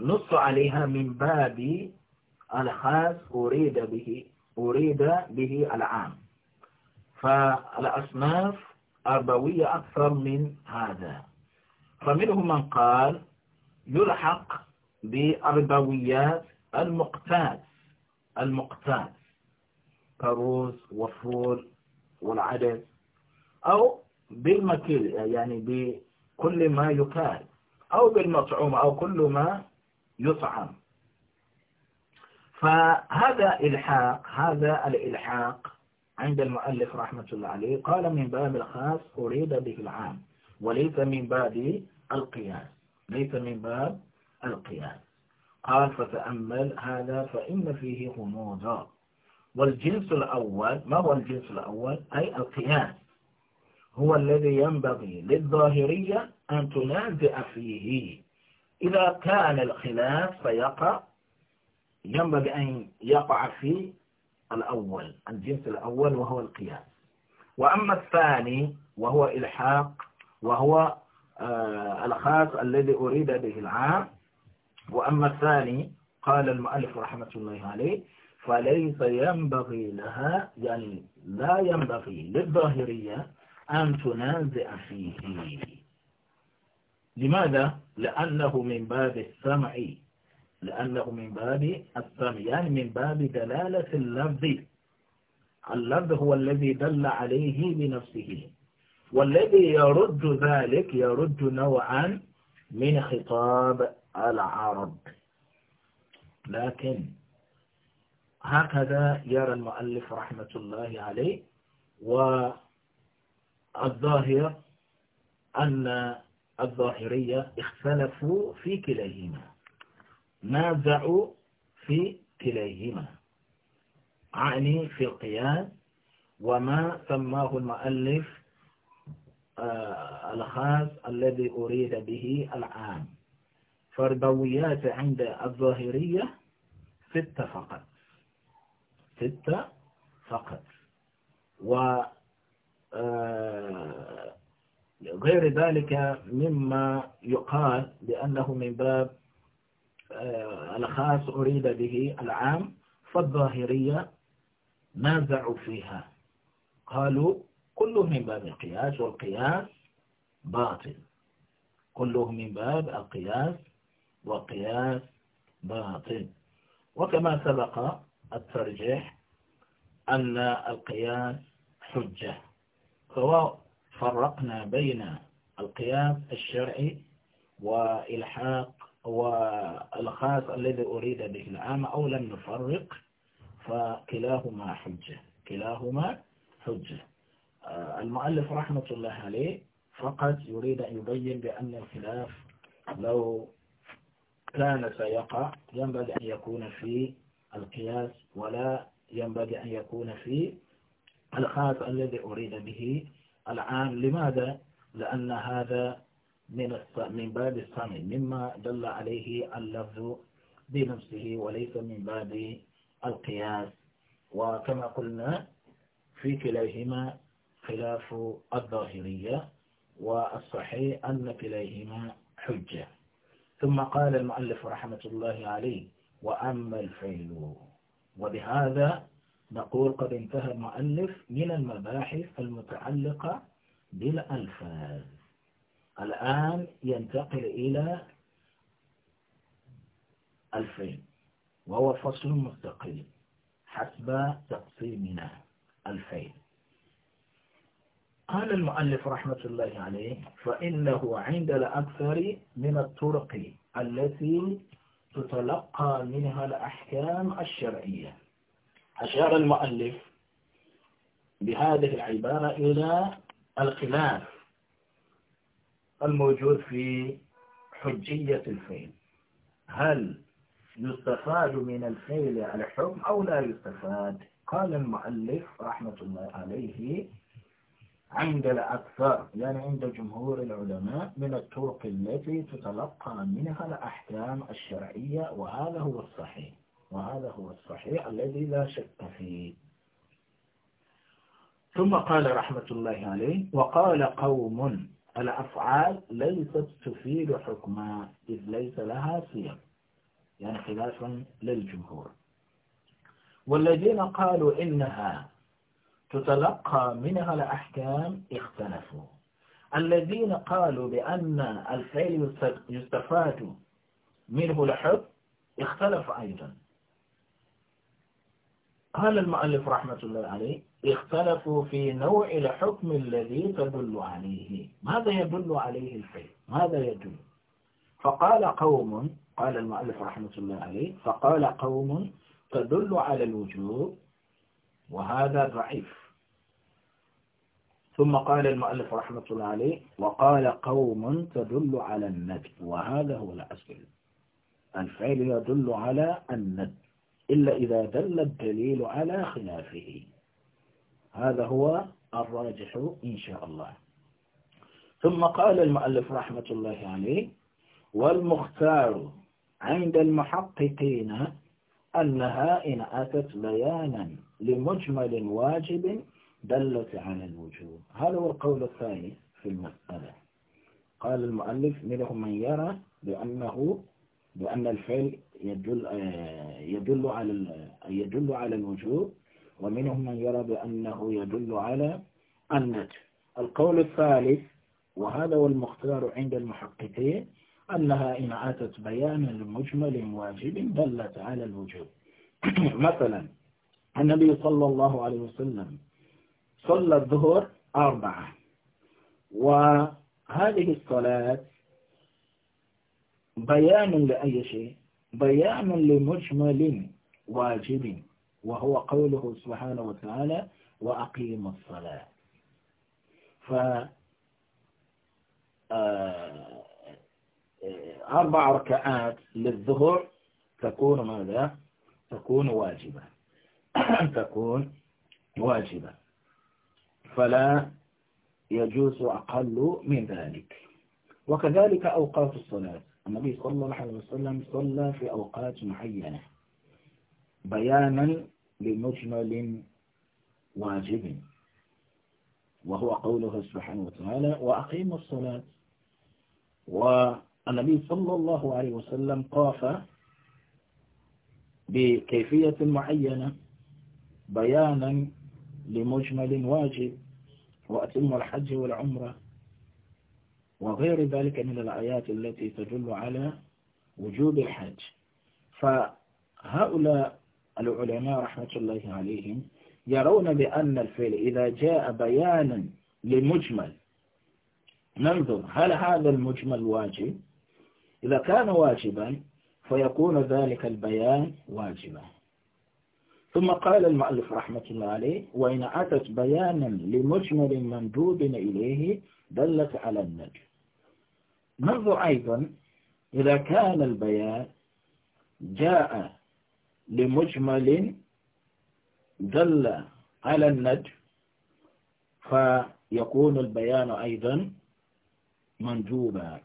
نص عليها من باب الخاص أريد به أريد به العام فالأصناف أربوية أكثر من هذا فمنهم من قال يلحق بأربويات المقتات المقتات كروز وفول والعدس أو بالمكيل يعني بكل ما يكال أو بالمطعوم أو كل ما يطعم فهذا إلحاق هذا الإلحاق عند المؤلف رحمة الله عليه قال من باب الخاص أريد به العام وليس من باب القياس ليس من باب القياس قال فتأمل هذا فإن فيه غموضا والجنس الأول ما هو الجنس الأول أي القياس هو الذي ينبغي للظاهرية أن تنازع فيه إذا كان الخلاف فيقع ينبغي أن يقع في الأول الجنس الأول وهو القياس وأما الثاني وهو إلحاق وهو آه الخاص الذي أريد به العام وأما الثاني قال المؤلف رحمة الله عليه فليس ينبغي لها يعني لا ينبغي للظاهرية أن تنازع فيه لماذا؟ لأنه من باب السمع لأنه من باب السمع يعني من باب دلالة اللفظ اللفظ هو الذي دل عليه بنفسه والذي يرد ذلك يرد نوعا من خطاب العرب لكن هكذا يرى المؤلف رحمة الله عليه والظاهر أن الظاهرية اختلفوا في كليهما نازعوا في كليهما عني في القياس وما سماه المؤلف آه الخاص الذي أريد به العام فالبويات عند الظاهرية ستة فقط ستة فقط و آه غير ذلك مما يقال بأنه من باب آه، الخاص أريد به العام فالظاهرية نازعوا فيها قالوا كله من باب القياس والقياس باطل كله من باب القياس والقياس باطل وكما سبق الترجيح أن القياس حجة سواء فرقنا بين القياس الشرعي وإلحاق والخاص الذي أريد به العام أو لم نفرق فكلاهما حجة كلاهما حجة آه، المؤلف رحمة الله عليه فقط يريد أن يبين بأن الخلاف لو كان سيقع ينبغي أن يكون في القياس ولا ينبغي أن يكون في الخاص الذي أريد به العام لماذا؟ لأن هذا من من باب الصنم مما دل عليه اللفظ بنفسه وليس من باب القياس وكما قلنا في كليهما خلاف الظاهرية والصحيح أن كليهما حجة ثم قال المؤلف رحمة الله عليه وأما الفعل وبهذا نقول قد انتهى المؤلف من المباحث المتعلقة بالألفاظ الآن ينتقل إلى الفين وهو فصل مستقل حسب تقسيمنا الفين قال المؤلف رحمة الله عليه فإنه عند الأكثر من الطرق التي تتلقى منها الأحكام الشرعية أشار المؤلف بهذه العبارة إلى الخلاف الموجود في حجية الفيل هل يستفاد من الفيل الحكم أو لا يستفاد قال المؤلف رحمة الله عليه عند الأكثر يعني عند جمهور العلماء من الطرق التي تتلقى منها الأحكام الشرعية وهذا هو الصحيح وهذا هو الصحيح الذي لا شك فيه ثم قال رحمة الله عليه وقال قوم الأفعال ليست تفيد حكما إذ ليس لها سير يعني خلاف للجمهور والذين قالوا إنها تتلقى منها الأحكام اختلفوا الذين قالوا بأن الفعل يستفاد منه الحب اختلف أيضا قال المؤلف رحمة الله عليه اختلفوا في نوع الحكم الذي تدل عليه ماذا يدل عليه الفعل ماذا يدل فقال قوم قال المؤلف رحمة الله عليه فقال قوم تدل على الوجوب وهذا ضعيف ثم قال المؤلف رحمة الله عليه وقال قوم تدل على الند وهذا هو الأصل الفعل يدل على الند إلا إذا دل الدليل على خلافه هذا هو الراجح إن شاء الله ثم قال المؤلف رحمة الله عليه والمختار عند المحققين أنها إن أتت بيانا لمجمل واجب دلت على الوجوب هذا هو القول الثاني في المسألة قال المؤلف منهم من يرى بأنه بأن الفعل يدل آه، يدل على يدل على الوجوب ومنهم من يرى بأنه يدل على النت القول الثالث وهذا هو المختار عند المحققين أنها إن أتت بيانا لمجمل واجب دلت على الوجوب مثلا النبي صلى الله عليه وسلم صلى الظهر أربعة وهذه الصلاة بيان لأي شيء بيانا لمجمل واجب وهو قوله سبحانه وتعالى وأقيم الصلاة ف آه، أربع ركعات للظهر تكون ماذا؟ تكون واجبة تكون واجبة فلا يجوز أقل من ذلك وكذلك أوقات الصلاة النبي صلى الله عليه وسلم صلى في أوقات معينة بيانا لمجمل واجب وهو قوله سبحانه وتعالى وأقيموا الصلاة والنبي صلى الله عليه وسلم طاف بكيفية معينة بيانا لمجمل واجب وأتم الحج والعمرة وغير ذلك من الآيات التي تدل على وجوب الحج فهؤلاء العلماء رحمة الله عليهم يرون بأن الفعل إذا جاء بيانا لمجمل ننظر هل هذا المجمل واجب إذا كان واجبا فيكون ذلك البيان واجبا ثم قال المؤلف رحمة الله عليه وإن أتت بيانا لمجمل مندوب إليه دلت على النجم ننظر أيضا إذا كان البيان جاء لمجمل دل على النجم فيكون البيان أيضا مندوبا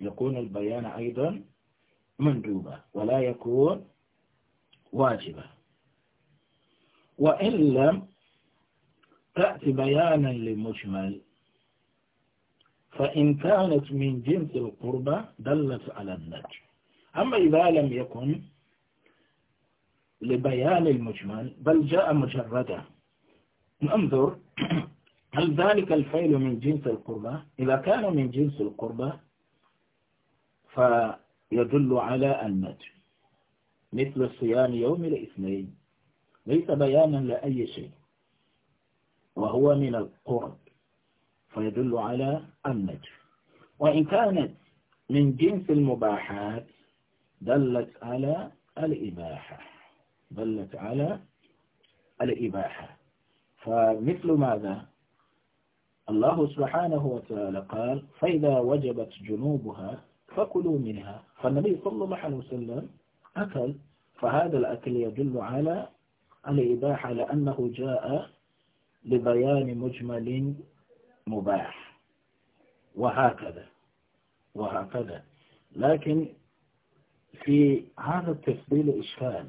يكون البيان أيضا مندوبا ولا يكون واجبا وإن لم تأتي بيانا لمجمل فإن كانت من جنس القربة دلت على النجم أما إذا لم يكن لبيان المجمل بل جاء مجردا ننظر هل ذلك الفعل من جنس القربة إذا كان من جنس القربة فيدل على النجم مثل صيام يوم الاثنين ليس بيانا لأي شيء وهو من القرب فيدل على النجف وإن كانت من جنس المباحات دلت على الإباحة دلت على الإباحة فمثل ماذا الله سبحانه وتعالى قال فإذا وجبت جنوبها فكلوا منها فالنبي صلى الله عليه وسلم أكل فهذا الأكل يدل على الإباحة لأنه جاء لبيان مجمل مباح وهكذا وهكذا لكن في هذا التفصيل إشكال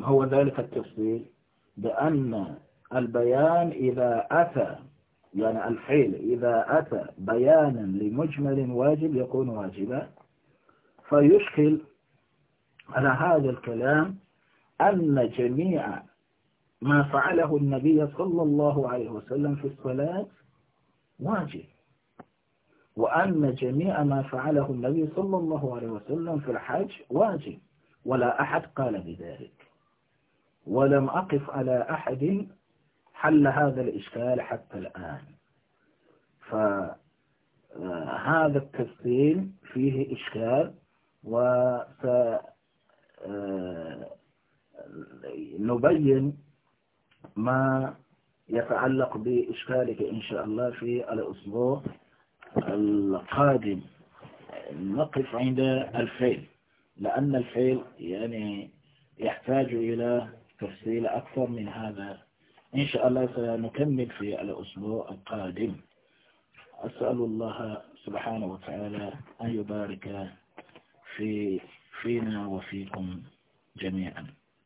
هو ذلك التفصيل بأن البيان إذا أتى يعني الحيل إذا أتى بيانا لمجمل واجب يكون واجبا فيشكل على هذا الكلام أن جميع ما فعله النبي صلى الله عليه وسلم في الصلاة واجب وأن جميع ما فعله النبي صلى الله عليه وسلم في الحج واجب ولا أحد قال بذلك ولم أقف على أحد حل هذا الإشكال حتى الآن فهذا التفصيل فيه إشكال وسنبين آه، ما يتعلق بإشكالك إن شاء الله في الأسبوع القادم نقف عند الفيل لأن الفيل يعني يحتاج إلى تفصيل أكثر من هذا إن شاء الله سنكمل في الأسبوع القادم أسأل الله سبحانه وتعالى أن يبارك في فينا وفيكم جميعا